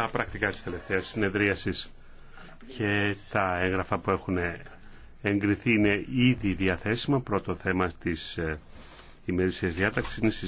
τα πρακτικά της τελευταίας συνεδρίασης και τα έγγραφα που έχουν εγκριθεί είναι ήδη διαθέσιμα. Πρώτο θέμα της ε, ημερήσιας διάταξης είναι